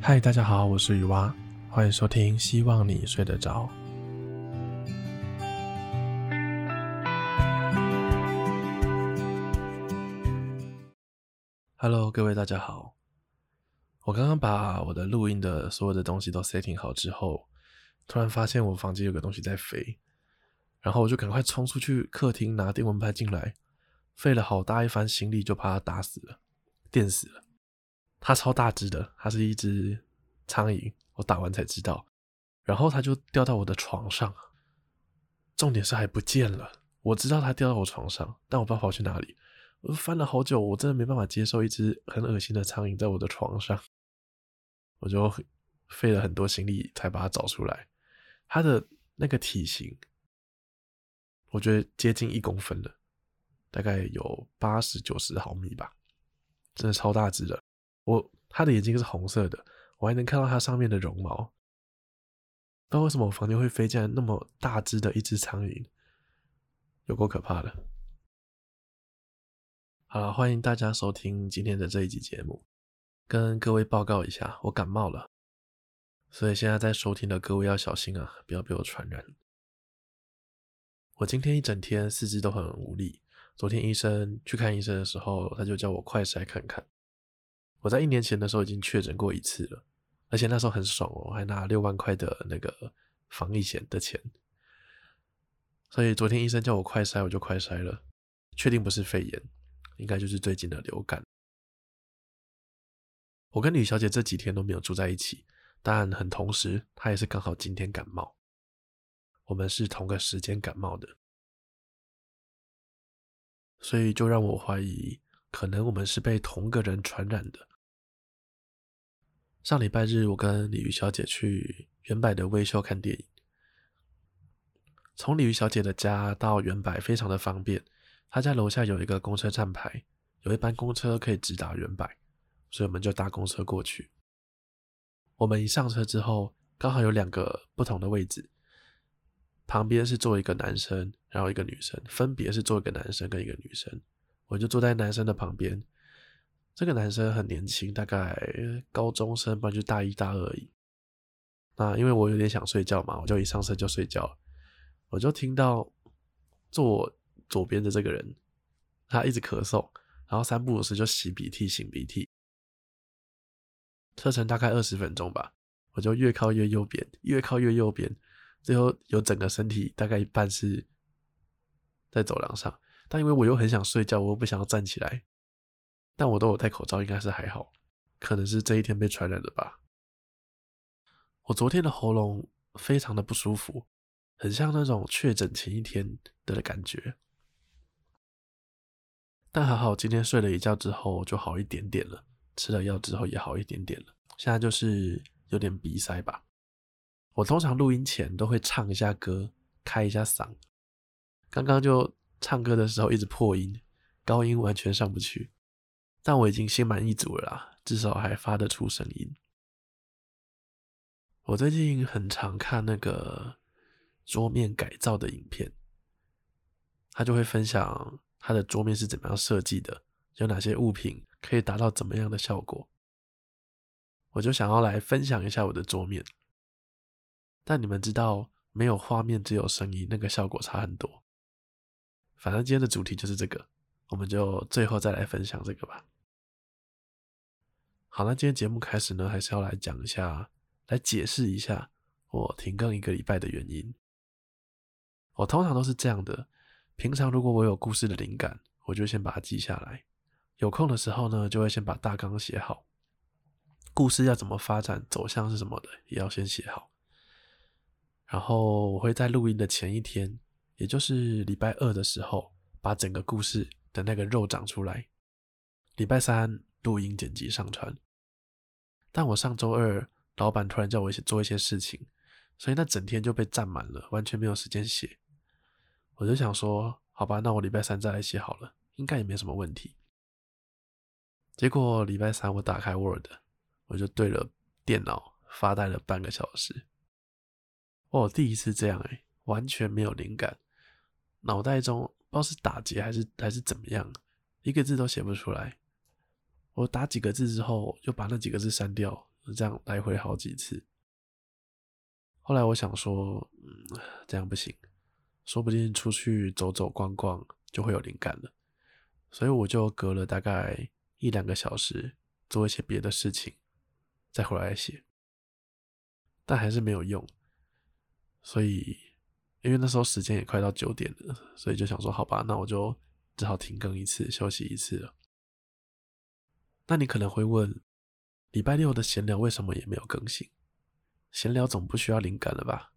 嗨，Hi, 大家好，我是雨蛙，歡迎收聽。希望你睡得着。Hello，各位大家好，我剛剛把我的錄音的所有的東西都 setting 好之後，突然發現我房間有個東西在飛，然後我就趕快衝出去客廳拿電蚊拍進來，費了好大一番心力，就把它打死了，電死了。它超大隻的，它是一隻蒼蠅，我打完才知道。然後它就掉到我的床上，重點是還不見了。我知道它掉到我床上，但我不知道跑去哪裡。我翻了好久，我真的沒辦法接受一隻很噁心的蒼蠅在我的床上。我就費了很多心力才把它找出來。它的那個體型，我覺得接近一公分了，大概有八十九十毫米吧，真的超大隻的。我它的眼睛是紅色的，我還能看到它上面的絨毛。那為什麼我房間會飛進來那麼大只的一只蒼蠅，有夠可怕的。好了，歡迎大家收聽今天的這一集節目，跟各位報告一下，我感冒了，所以現在在收聽的各位要小心啊，不要被我傳染。我今天一整天四肢都很無力，昨天醫生去看醫生的時候，他就叫我快篩看看。我在一年前的時候已經確診過一次了，而且那時候很爽哦，我還拿六萬塊的那個防疫險的錢。所以昨天醫生叫我快篩，我就快篩了，確定不是肺炎，應該就是最近的流感。我跟呂小姐這幾天都沒有住在一起，但很同時，她也是剛好今天感冒，我們是同個時間感冒的，所以就讓我懷疑，可能我們是被同個人傳染的。上禮拜日，我跟鯉魚小姐去遠百的威秀看電影。從鯉魚小姐的家到遠百非常的方便，她家樓下有一個公車站牌，有一班公車可以直達遠百，所以我們就搭公車過去。我們一上車之後，剛好有兩個不同的位置，旁邊是坐一個男生，然後一個女生，分別是坐一個男生跟一個女生，我就坐在男生的旁邊。這個男生很年輕，大概高中生吧，就大一、大二而已。那因為我有點想睡覺嘛，我就一上車就睡覺。我就聽到坐左邊的這個人，他一直咳嗽，然後三不五時就吸鼻涕、擤鼻涕。車程大概二十分鐘吧，我就越靠越右邊，越靠越右邊，最後有整個身體大概一半是在走廊上。但因為我又很想睡覺，我又不想要站起來。但我都有戴口罩，應該是還好。可能是這一天被傳染了吧。我昨天的喉嚨非常的不舒服，很像那種確診前一天的感覺。但還好，好，今天睡了一覺之後就好一點點了，吃了藥之後也好一點點了。現在就是有點鼻塞吧。我通常錄音前都會唱一下歌，開一下嗓。剛剛就唱歌的時候一直破音，高音完全上不去。但我已經心滿意足了啦，至少還發得出聲音。我最近很常看那個桌面改造的影片，他就會分享他的桌面是怎麼樣設計的，有哪些物品可以達到怎麼樣的效果。我就想要來分享一下我的桌面，但你們知道，沒有畫面只有聲音，那個效果差很多。反正今天的主題就是這個，我們就最後再來分享這個吧。好，那今天節目開始呢，還是要來講一下，來解釋一下我停更一個禮拜的原因。我、哦、通常都是這樣的，平常如果我有故事的靈感，我就先把它記下來。有空的時候呢，就會先把大綱寫好，故事要怎麼發展、走向是什麼的，也要先寫好。然後我會在錄音的前一天，也就是禮拜二的時候，把整個故事的那個肉長出來。禮拜三錄音剪、剪輯、上傳。但我上週二，老闆突然叫我一起做一些事情，所以那整天就被佔滿了，完全沒有時間寫。我就想說，好吧，那我禮拜三再來寫好了，應該也沒什麼問題。結果禮拜三我打開 Word，我就對了電腦發呆了半個小時。哦，第一次這樣哎、欸，完全沒有靈感，腦袋中不知道是打結還是還是怎麼樣，一個字都寫不出來。我打幾個字之後，就把那幾個字刪掉，這樣來回好幾次。後來我想說，嗯，這樣不行，說不定出去走走逛逛就會有靈感了。所以我就隔了大概一兩個小時做一些別的事情，再回來寫。但還是沒有用。所以，因為那時候時間也快到九點了，所以就想說，好吧，那我就只好停更一次，休息一次了。那你可能會問，禮拜六的閒聊為什麼也沒有更新？閒聊總不需要靈感了吧？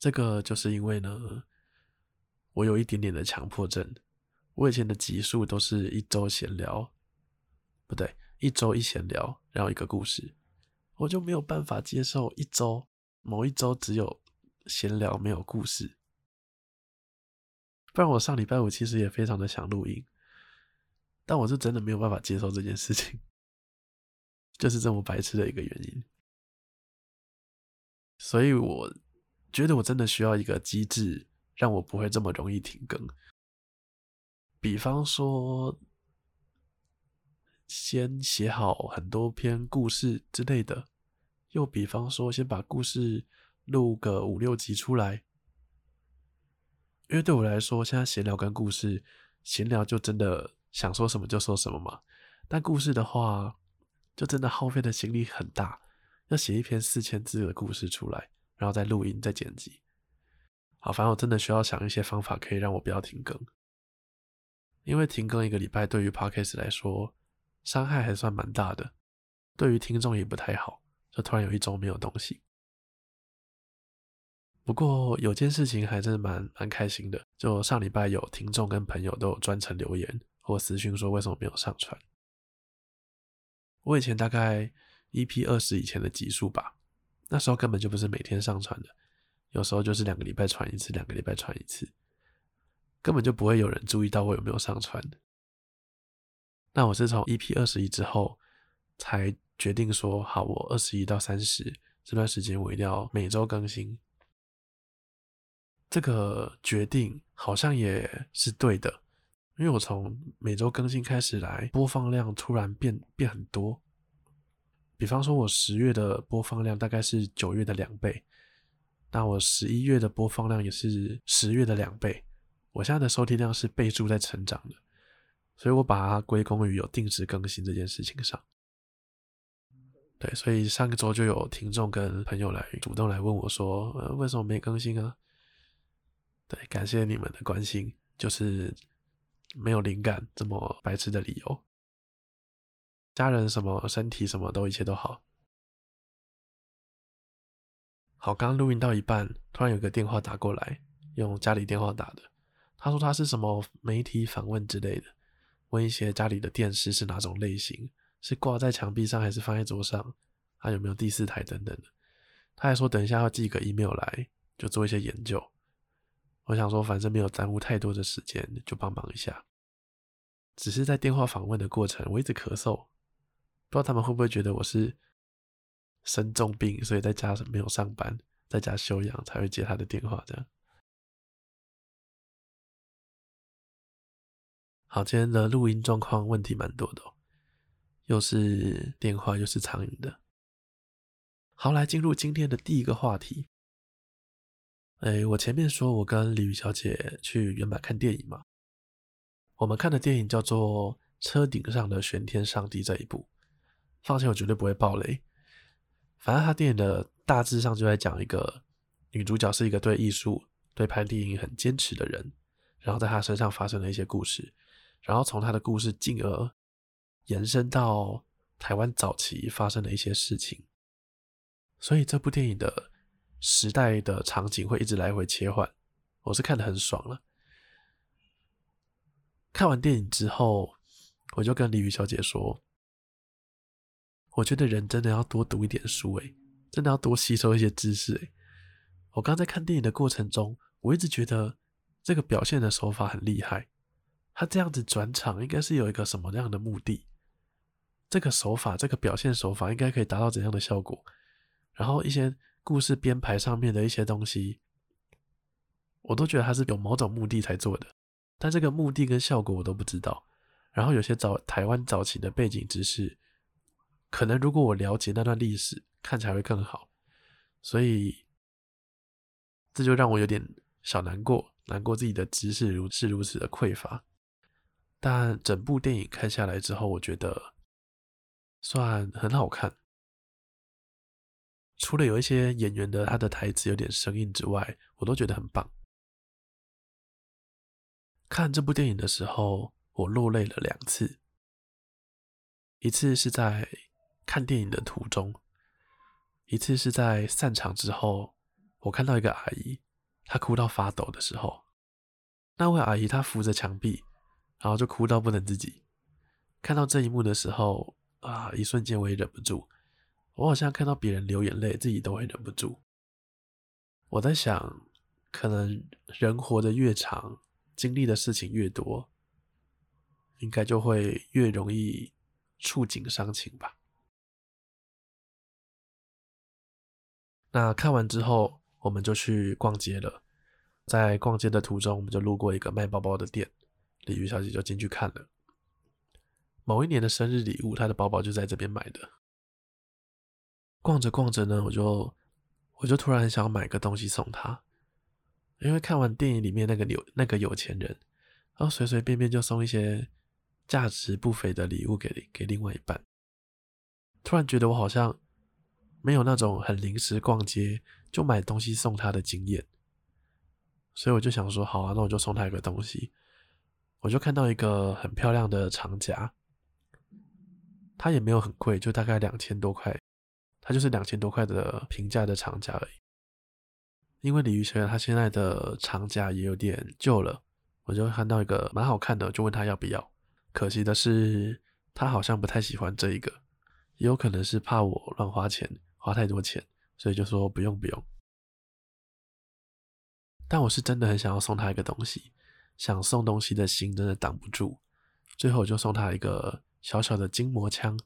這個就是因為呢，我有一點點的強迫症。我以前的集數都是一周閒聊，不對，一周一閒聊，然後一個故事，我就沒有辦法接受一周，某一周只有閒聊，沒有故事。不然我上禮拜五其實也非常的想錄音。但我是真的沒有辦法接受這件事情，就是這麼白痴的一個原因，所以我覺得我真的需要一個機制，讓我不會這麼容易停更。比方說，先寫好很多篇故事之類的，又比方說，先把故事錄個五六集出來，因為對我來說，現在閒聊跟故事，閒聊就真的。想說什麼就說什麼嘛，但故事的話，就真的耗費的精力很大，要寫一篇四千字的故事出來，然後再錄音再剪輯。好，反正我真的需要想一些方法，可以讓我不要停更，因為停更一個禮拜，對於 Podcast 來說，傷害還算蠻大的，對於聽眾也不太好，就突然有一週沒有東西。不過有件事情還真的蠻蠻開心的，就上禮拜有聽眾跟朋友都有專程留言。或私訊說，為什麼沒有上傳？我以前大概 EP 二十以前的集數吧，那時候根本就不是每天上傳的，有時候就是兩個禮拜傳一次，兩個禮拜傳一次，根本就不會有人注意到我有沒有上傳。那我是從 EP 二十一之後才決定說，好，我二十一到三十這段時間我一定要每週更新。這個決定好像也是對的。因為我從每周更新開始來，播放量突然變變很多。比方說，我十月的播放量大概是九月的兩倍，那我十一月的播放量也是十月的兩倍。我現在的收聽量是倍數在成長的，所以我把它歸功於有定時更新這件事情上。對，所以上個周就有聽眾跟朋友來主動來問我說：“呃，為什麼沒更新啊？”對，感謝你們的關心，就是。沒有靈感這麼白痴的理由，家人什麼身體什麼都一切都好。好，剛錄音到一半，突然有個電話打過來，用家裡電話打的。他說他是什麼媒體訪問之類的，問一些家裡的電視是哪種類型，是掛在牆壁上還是放在桌上，還有沒有第四台等等的。他還說等一下要寄一個 email 來，就做一些研究。我想說，反正沒有耽誤太多的時間，就幫忙一下。只是在電話訪問的過程，我一直咳嗽，不知道他們會不會覺得我是生重病，所以在家沒有上班，在家休養才會接他的電話這樣。好，今天的錄音狀況問題蠻多的喔，又是電話又是蒼蠅的。好，來進入今天的第一個話題。哎、欸，我前面說我跟李宇小姐去原版看電影嘛，我們看的電影叫做《車頂上的玄天上帝》這一部。放心，我絕對不會爆雷。反正他電影的大致上就在講一個女主角是一個對藝術、對拍電影很堅持的人，然後在她身上發生了一些故事，然後從她的故事進而延伸到台灣早期發生的一些事情。所以這部電影的。時代的場景會一直來回切換，我是看得很爽了。看完電影之後，我就跟李宇小姐說：“我覺得人真的要多讀一點書，哎，真的要多吸收一些知識。”哎，我剛在看電影的過程中，我一直覺得這個表現的手法很厲害。他這樣子轉場，應該是有一個什麼樣的目的？這個手法，這個表現手法，應該可以達到怎樣的效果？然後一些。故事編排上面的一些東西，我都覺得它是有某種目的才做的，但這個目的跟效果我都不知道。然後有些早台灣早期的背景知識，可能如果我了解那段歷史，看起來會更好。所以這就讓我有點小難過，難過自己的知識如此如此的匱乏。但整部電影看下來之後，我覺得算很好看。除了有一些演員的他的台詞有點生硬之外，我都覺得很棒。看這部電影的時候，我落淚了兩次，一次是在看電影的途中，一次是在散場之後。我看到一個阿姨，她哭到發抖的時候，那位阿姨她扶着牆壁，然後就哭到不能自己。看到這一幕的時候，啊，一瞬間我也忍不住。我好像看到別人流眼淚，自己都會忍不住。我在想，可能人活得越長，經歷的事情越多，應該就會越容易觸景傷情吧。那看完之後，我們就去逛街了。在逛街的途中，我們就路過一個賣包包的店，鯉魚小姐就進去看了。某一年的生日禮物，她的包包就在這邊買的。逛着逛着呢，我就我就突然很想買個東西送他，因為看完電影裡面那個有那個有錢人，然後隨隨便便就送一些價值不菲的禮物給給另外一半，突然覺得我好像沒有那種很臨時逛街就買東西送他的經驗，所以我就想說好啊，那我就送他一個東西，我就看到一個很漂亮的長夾，它也沒有很貴，就大概兩千多塊。他就是兩千多塊的平價的長夾而已，因為李宇先他現在的長夾也有點舊了，我就看到一個蠻好看的，就問他要不要。可惜的是，他好像不太喜歡這一個，也有可能是怕我亂花錢，花太多錢，所以就說不用不用。但我是真的很想要送他一個東西，想送東西的心真的擋不住，最後我就送他一個小小的筋膜槍。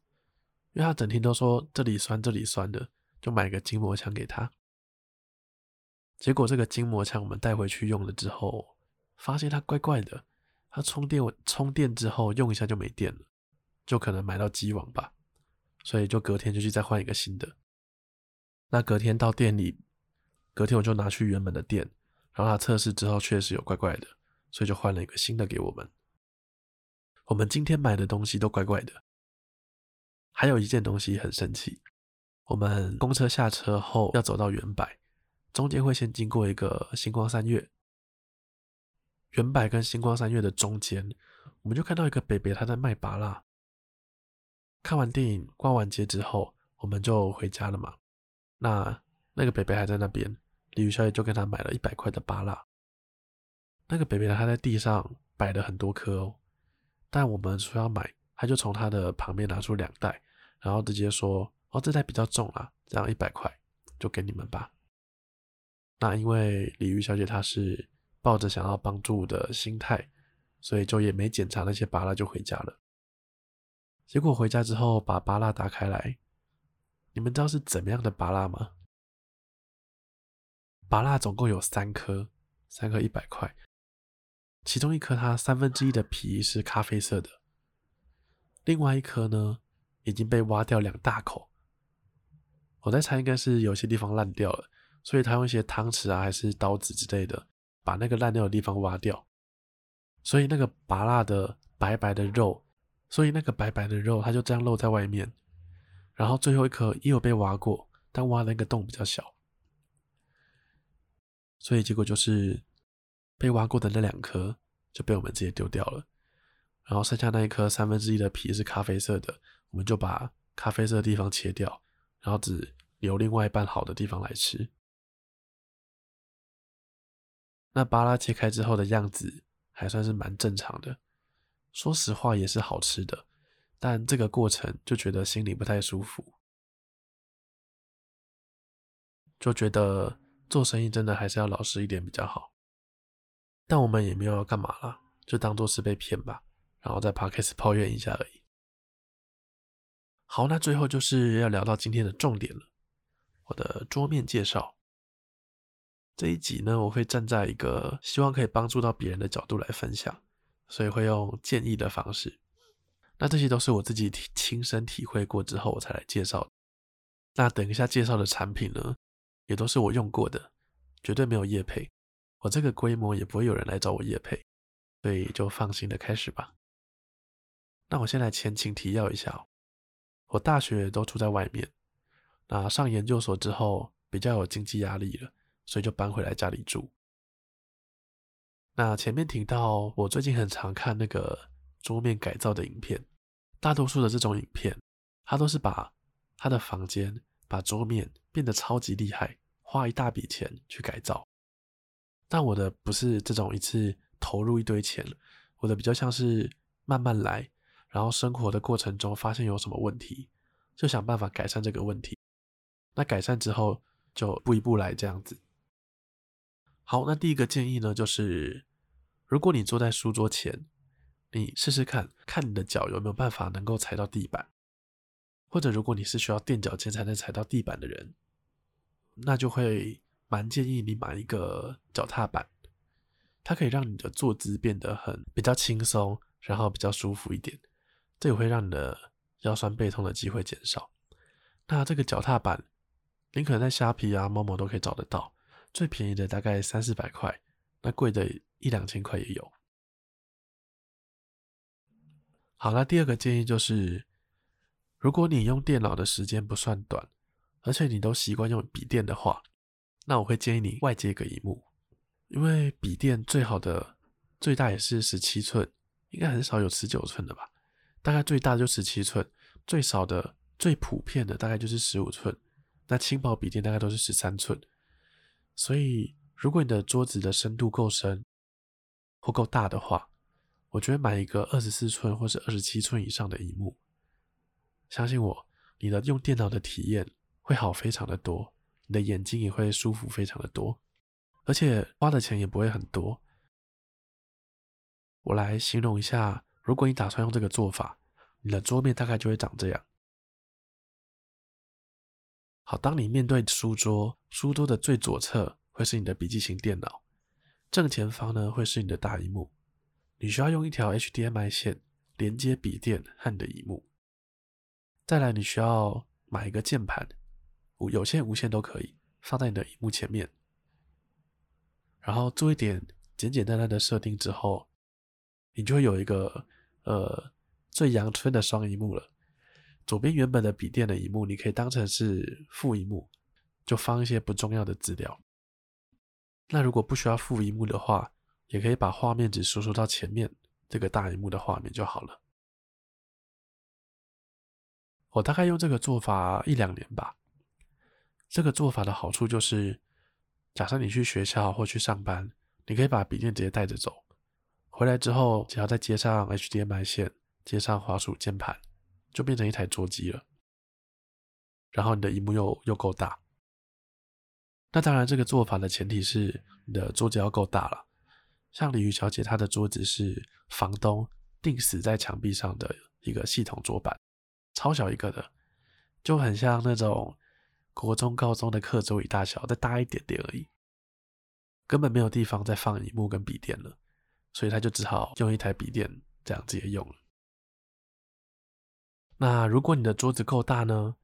因為他整天都說這裡酸，這裡酸的，就買一個筋膜槍給他。結果這個筋膜槍我們帶回去用了之後，發現它怪怪的。它充電，充電之後用一下就沒電了，就可能買到機王吧。所以就隔天就去再換一個新的。那隔天到店裡，隔天我就拿去原本的店，然後他測試之後確實有怪怪的，所以就換了一個新的給我們。我們今天買的東西都怪怪的。還有一件東西很神奇，我們公車下車後要走到遠百，中間會先經過一個新光三越。遠百跟新光三越的中間，我們就看到一個伯伯他在賣芭樂。看完電影、逛完街之後，我們就回家了嘛。那那個伯伯還在那邊，李宇小姐就跟他買了一百塊的芭樂。那個伯伯他在地上擺了很多顆哦，但我們說要買，他就從他的旁邊拿出兩袋。然後直接說：“哦，這袋比較重啦，啊，這樣一百塊就給你們吧。”那因為鯉魚小姐她是抱着想要幫助的心態，所以就也沒檢查那些芭樂，就回家了。結果回家之後把芭樂打開來，你們知道是怎麼樣的芭樂嗎？芭樂總共有三顆，三顆一百塊，其中一顆它三分之一的皮是咖啡色的，另外一顆呢？已經被挖掉兩大口，我在猜應該是有些地方爛掉了，所以他用一些湯匙啊，還是刀子之類的，把那個爛掉的地方挖掉。所以那個芭樂的白白的肉，所以那個白白的肉，它就這樣露在外面。然後最後一顆也有被挖過，但挖的那個洞比較小，所以結果就是被挖過的那兩顆就被我們直接丟掉了。然後剩下那一顆，三分之一的皮是咖啡色的。我們就把咖啡色的地方切掉，然後只留另外一半好的地方來吃。那芭樂切開之後的樣子還算是蠻正常的，說實話也是好吃的，但這個過程就覺得心裡不太舒服，就覺得做生意真的還是要老實一點比較好。但我們也沒有要幹嘛啦，就當做是被騙吧，然後再 Podcast 抱怨一下而已。好，那最後就是要聊到今天的重點了，我的桌面介紹。這一集呢，我會站在一個希望可以幫助到別人的角度來分享，所以會用建議的方式。那這些都是我自己親身體會過之後我才來介紹。那等一下介紹的產品呢，也都是我用過的，絕對沒有業配。我這個規模也不會有人來找我業配，所以就放心的開始吧。那我先來前情提要一下。我大學都住在外面，那上研究所之後比較有經濟壓力了，所以就搬回來家裡住。那前面提到我最近很常看那個桌面改造的影片，大多數的這種影片，他都是把他的房間、把桌面變得超級厲害，花一大筆錢去改造。但我的不是這種一次投入一堆錢，我的比較像是慢慢來。然後生活的過程中發現有什麼問題，就想辦法改善這個問題。那改善之後，就一步一步來這樣子。好，那第一個建議呢，就是如果你坐在書桌前，你試試看看你的腳有沒有辦法能夠踩到地板，或者如果你是需要墊腳尖才能踩到地板的人，那就會蠻建議你買一個腳踏板，它可以讓你的坐姿變得很比較輕鬆，然後比較舒服一點。這也會讓你的腰痠背痛的機會減少。那這個腳踏板，你可能在蝦皮啊、某某都可以找得到，最便宜的大概三四百塊，那貴的一兩千塊也有。好啦，第二個建議就是，如果你用電腦的時間不算短，而且你都習慣用筆電的話，那我會建議你外接個螢幕，因為筆電最好的最大也是十七寸，應該很少有十九寸的吧？大概最大的就十七寸，最少的、最普遍的大概就是十五寸，那輕薄筆電大概都是十三寸。所以如果你的桌子的深度夠深或夠大的話，我覺得買一個二十四寸或是二十七寸以上的熒幕相信我，你的用電腦的體驗會好非常的多，你的眼睛也會舒服非常的多，而且花的錢也不會很多。我來形容一下，如果你打算用這個做法。你的桌面大概就會長這樣。好，當你面對書桌，書桌的最左側會是你的筆記型電腦，正前方呢會是你的大熒幕。你需要用一條 HDMI 線連接筆電和你的熒幕。再來，你需要買一個鍵盤，有線、無線都可以，放在你的熒幕前面。然後做一點簡簡單單的設定之後，你就會有一個呃。最陽春的雙螢幕了，左邊原本的筆電的螢幕，你可以當成是副螢幕，就放一些不重要的資料。那如果不需要副螢幕的話，也可以把畫面只輸出到前面這個大螢幕的畫面就好了。我大概用這個做法一兩年吧。這個做法的好處就是，假設你去學校或去上班，你可以把筆電直接帶着走，回來之後只要再接上 HDMI 線。接上滑鼠鍵盤，就變成一台桌機了。然後你的熒幕又又夠大。那當然，這個做法的前提是你的桌子要夠大了。像鯉魚小姐她的桌子是房東定死在牆壁上的一個系統桌板，超小一個的，就很像那種國中高中的課桌椅大小，再大一點點而已，根本沒有地方再放螢幕跟筆電了，所以她就只好用一台筆電這樣直接用了。那如果你的桌子夠大呢？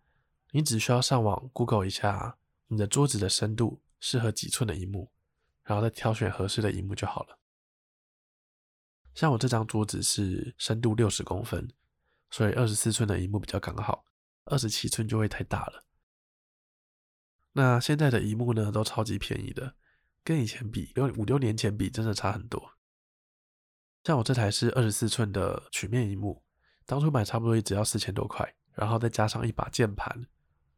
你只需要上網 Google 一下你的桌子的深度適合幾寸的熒幕，然後再挑選合適的熒幕就好了。像我這張桌子是深度六十公分，所以二十四寸的熒幕比較剛好，二十七寸就會太大了。那現在的熒幕呢，都超級便宜的，跟以前比，跟五六年前比，真的差很多。像我這台是二十四寸的曲面熒幕。當初買差不多也只要四千多塊，然後再加上一把鍵盤，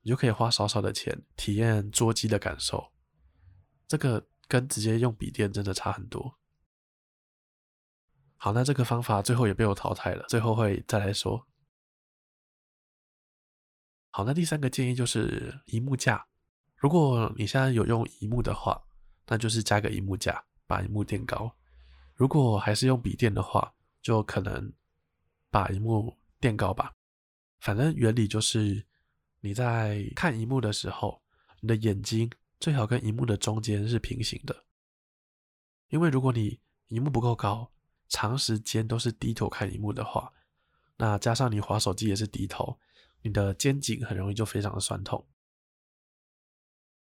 你就可以花少少的錢體驗桌機的感受。這個跟直接用筆電真的差很多。好，那這個方法最後也被我淘汰了，最後會再來說。好，那第三個建議就是螢幕架。如果你現在有用螢幕的話，那就是加個螢幕架，把螢幕墊高。如果還是用筆電的話，就可能。把熒幕墊高吧，反正原理就是你在看熒幕的時候，你的眼睛最好跟熒幕的中間是平行的。因為如果你熒幕不夠高，長時間都是低頭看熒幕的話，那加上你滑手機也是低頭，你的肩頸很容易就非常的酸痛。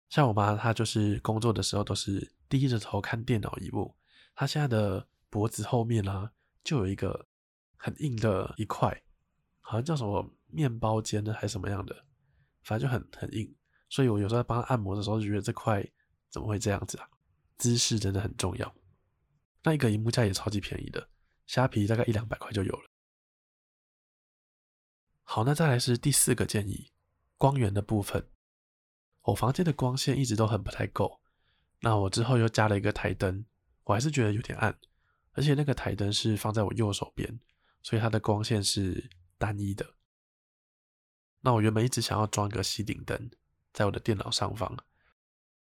像我媽，她就是工作的時候都是低着頭看電腦螢幕，她現在的脖子後面呢、啊、就有一個。很硬的一塊，好像叫什麼面包間呢，還是什麼樣的？反正就很很硬。所以我有時候在幫他按摩的時候，就覺得這塊怎麼會這樣子啊？姿勢真的很重要。那一個熒幕架也超級便宜的，蝦皮大概一兩百塊就有了。好，那再來是第四個建議，光源的部分。我房間的光線一直都很不太夠。那我之後又加了一個檯燈，我還是覺得有點暗，而且那個檯燈是放在我右手邊。所以它的光線是單一的。那我原本一直想要裝個吸頂燈，在我的電腦上方。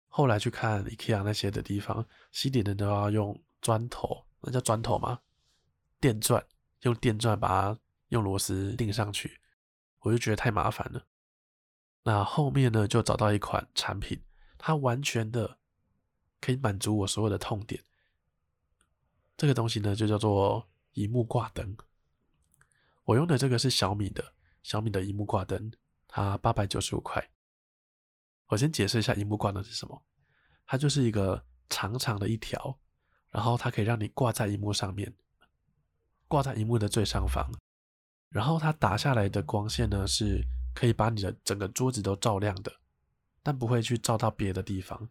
後來去看 IKEA 那些的地方，吸頂燈都要用磚頭，那叫磚頭嗎？電鑽用電鑽把它用螺絲釘上去，我就覺得太麻煩了。那後面呢，就找到一款產品，它完全的可以滿足我所有的痛點。這個東西呢，就叫做熒幕掛燈。我用的這個是小米的，小米的熒幕掛燈，它八百九十五塊。我先解釋一下熒幕掛燈是什麼，它就是一個長長的一條，然後它可以讓你掛在熒幕上面，掛在熒幕的最上方，然後它打下來的光線呢，是可以把你的整個桌子都照亮的，但不會去照到別的地方。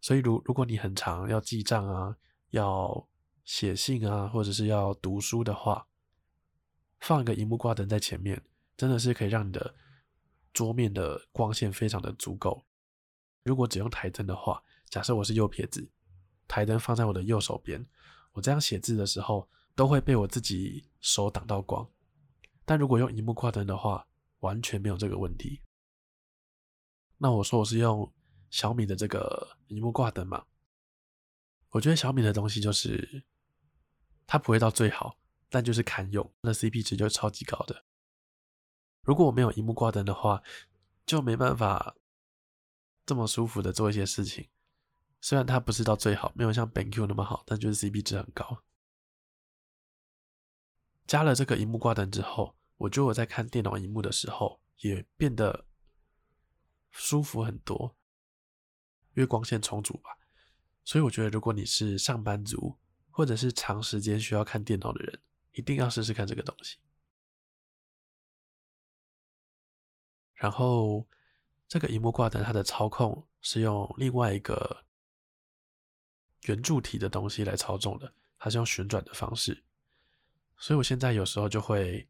所以如，如如果你很常要記賬啊，要寫信啊，或者是要讀書的話，放一個熒幕掛燈在前面，真的是可以讓你的桌面的光線非常的足夠。如果只用台燈的話，假設我是右撇子，台燈放在我的右手邊，我這樣寫字的時候都會被我自己手擋到光。但如果用熒幕掛燈的話，完全沒有這個問題。那我說我是用小米的這個熒幕掛燈嗎？我覺得小米的東西就是它不會到最好。但就是堪用，那 CP 值就超級高的。如果我沒有熒幕掛燈的話，就沒辦法這麼舒服的做一些事情。雖然它不是到最好，沒有像 BenQ 那麼好，但就是 CP 值很高。加了這個熒幕掛燈之後，我覺得我在看電腦熒幕的時候也變得舒服很多，因為光線充足吧。所以我覺得，如果你是上班族或者是長時間需要看電腦的人，一定要試試看這個東西。然後這個熒幕掛燈，它的操控是用另外一個圓柱體的東西來操縱的，它是用旋轉的方式。所以我現在有時候就會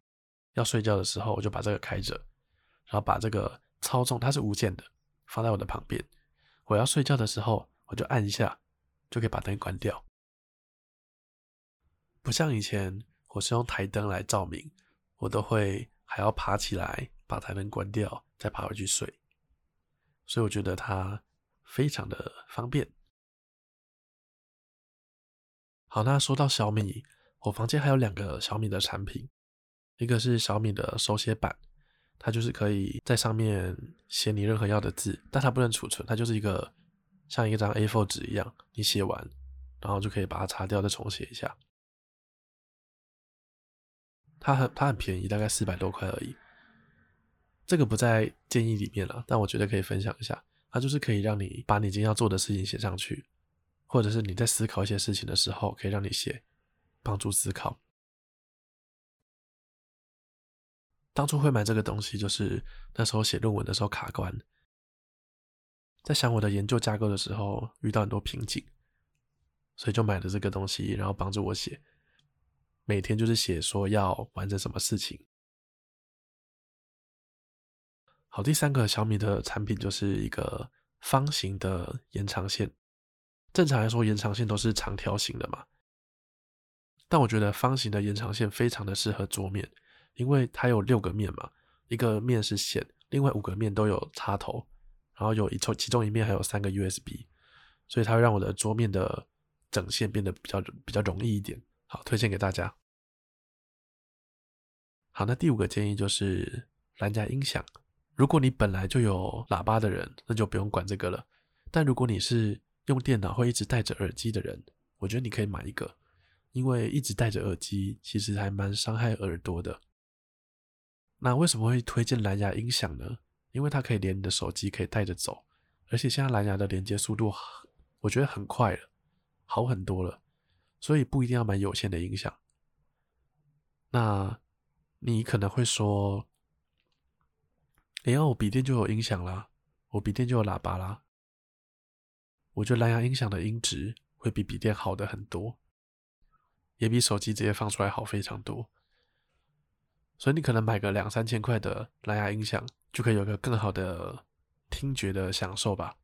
要睡覺的時候，我就把這個開着，然後把這個操縱，它是無線的，放在我的旁邊。我要睡覺的時候，我就按一下，就可以把燈關掉。不像以前。我是用檯燈來照明，我都會還要爬起來把檯燈關掉，再爬回去睡。所以我覺得它非常的方便。好，那說到小米，我房間還有兩個小米的產品，一個是小米的手寫板，它就是可以在上面寫你任何要的字，但它不能儲存，它就是一個像一張 A4 紙一樣，你寫完然後就可以把它擦掉，再重寫一下。它很它很便宜，大概四百多塊而已，這個不在建議裡面了，但我覺得可以分享一下。它就是可以讓你把你今天要做的事情寫上去，或者是你在思考一些事情的時候，可以讓你寫，幫助思考。當初會買這個東西，就是那時候寫論文的時候卡關，在想我的研究架構的時候遇到很多瓶頸，所以就買了這個東西，然後幫助我寫。每天就是寫說要完成什麼事情。好，第三個小米的產品就是一個方形的延長線。正常來說，延長線都是長條形的嘛。但我覺得方形的延長線非常的適合桌面，因為它有六個面嘛，一個面是線，另外五個面都有插頭，然後有一抽，其中一面還有三個 USB，所以它會讓我的桌面的整線變得比較比較容易一點。好，推薦給大家。好，那第五個建議就是藍牙音響。如果你本來就有喇叭的人，那就不用管這個了。但如果你是用電腦會一直戴着耳機的人，我覺得你可以買一個，因為一直戴着耳機其實還蠻傷害耳朵的。那為什麼會推薦藍牙音響呢？因為它可以連你的手機，可以帶着走，而且現在藍牙的連接速度我覺得很快了，好很多了，所以不一定要買有線的音響。那。你可能會說，然後、啊、我筆電就有音響啦，我筆電就有喇叭啦。我覺得藍牙音響的音質會比筆電好的很多，也比手機直接放出來好非常多。所以你可能買個兩三千塊的藍牙音響，就可以有個更好的聽覺的享受吧。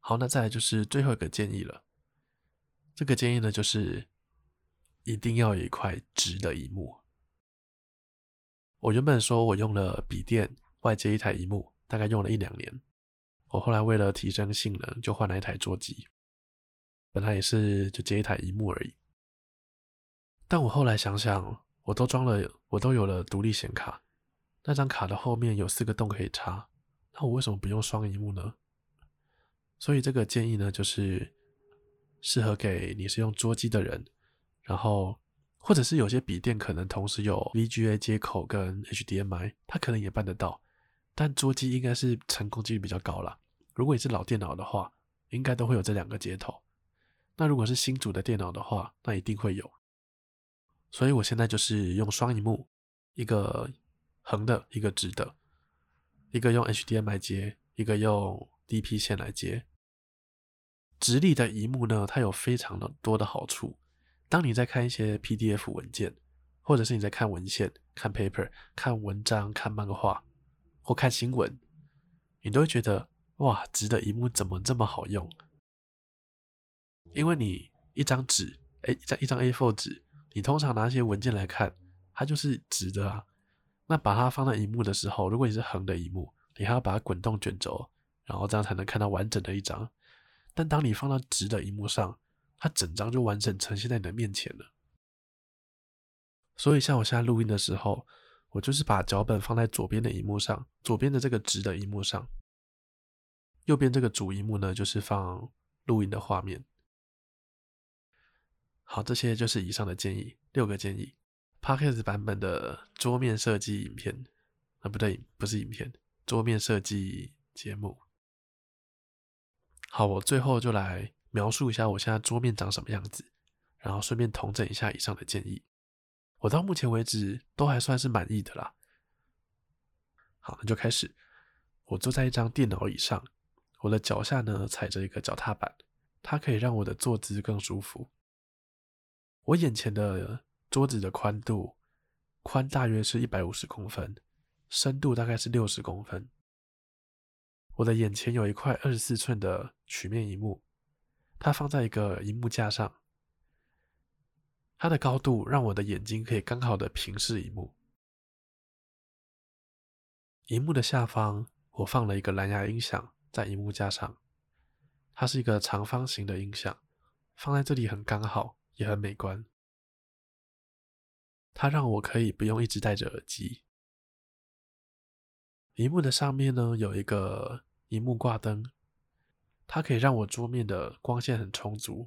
好，那再來就是最後一個建議了。這個建議呢，就是一定要有一塊直的熒幕。我原本說我用了筆電外接一台熒幕，大概用了一兩年。我後來為了提升性能，就換了一台桌機。本來也是就接一台熒幕而已。但我後來想想，我都裝了，我都有了獨立顯卡，那張卡的後面有四個洞可以插，那我為什麼不用雙熒幕呢？所以這個建議呢，就是適合給你是用桌機的人，然後。或者是有些筆電可能同時有 VGA 接口跟 HDMI，它可能也辦得到。但桌機應該是成功機率比較高啦，如果你是老電腦的話，應該都會有這兩個接頭。那如果是新組的電腦的話，那一定會有。所以我現在就是用雙螢幕，一個橫的，一個直的，一個用 HDMI 接，一個用 DP 線來接。直立的螢幕呢，它有非常的多的好處。當你在看一些 PDF 文件，或者是你在看文獻、看 paper、看文章、看漫畫或看新聞，你都會覺得哇，直的螢幕怎麼這麼好用？因為你一張紙，哎，一張一張 A4 紙，你通常拿一些文件來看，它就是直的啊。那把它放在熒幕的時候，如果你是橫的熒幕，你還要把它滾動卷軸，然後這樣才能看到完整的一張。但當你放到直的熒幕上，它整張就完整呈現在你的面前了。所以像我現在錄音的時候，我就是把腳本放在左邊的熒幕上，左邊的這個直的熒幕上，右邊這個主熒幕呢就是放錄音的畫面。好，這些就是以上的建議，六個建議。Podcast 版本的桌面設計影片，啊不對，不是影片，桌面設計節目。好，我最後就來。描述一下我現在桌面長什麼樣子，然後順便統整一下以上的建議。我到目前為止都還算是滿意的啦。好，那就開始。我坐在一張電腦椅上，我的腳下呢踩着一個腳踏板，它可以讓我的坐姿更舒服。我眼前的桌子的寬度寬大約是一百五十公分，深度大概是六十公分。我的眼前有一塊二十四寸的曲面螢幕。它放在一個熒幕架上，它的高度讓我的眼睛可以剛好地平視熒幕熒幕的下方，我放了一個藍牙音響在熒幕架上，它是一個長方形的音響，放在這裡很剛好，也很美觀。它讓我可以不用一直戴着耳機。熒幕的上面呢，有一個熒幕掛燈。它可以讓我桌面的光線很充足，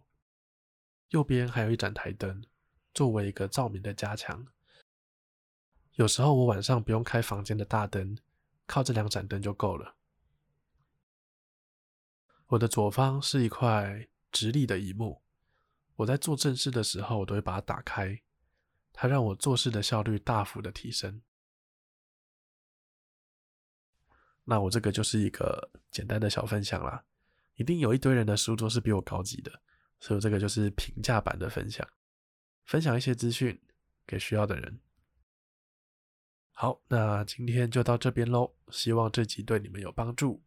右邊還有一盞台燈，作為一個照明的加強。有時候我晚上不用開房間的大燈，靠這兩盞燈就夠了。我的左方是一塊直立的熒幕，我在做正事的時候，我都會把它打開，它讓我做事的效率大幅的提升。那我這個就是一個簡單的小分享啦。一定有一堆人的書桌是比我高級的，所以這個就是平價版的分享，分享一些資訊給需要的人。好，那今天就到這邊嘍，希望這集對你們有幫助，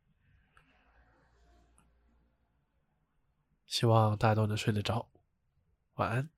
希望大家都能睡得着，晚安。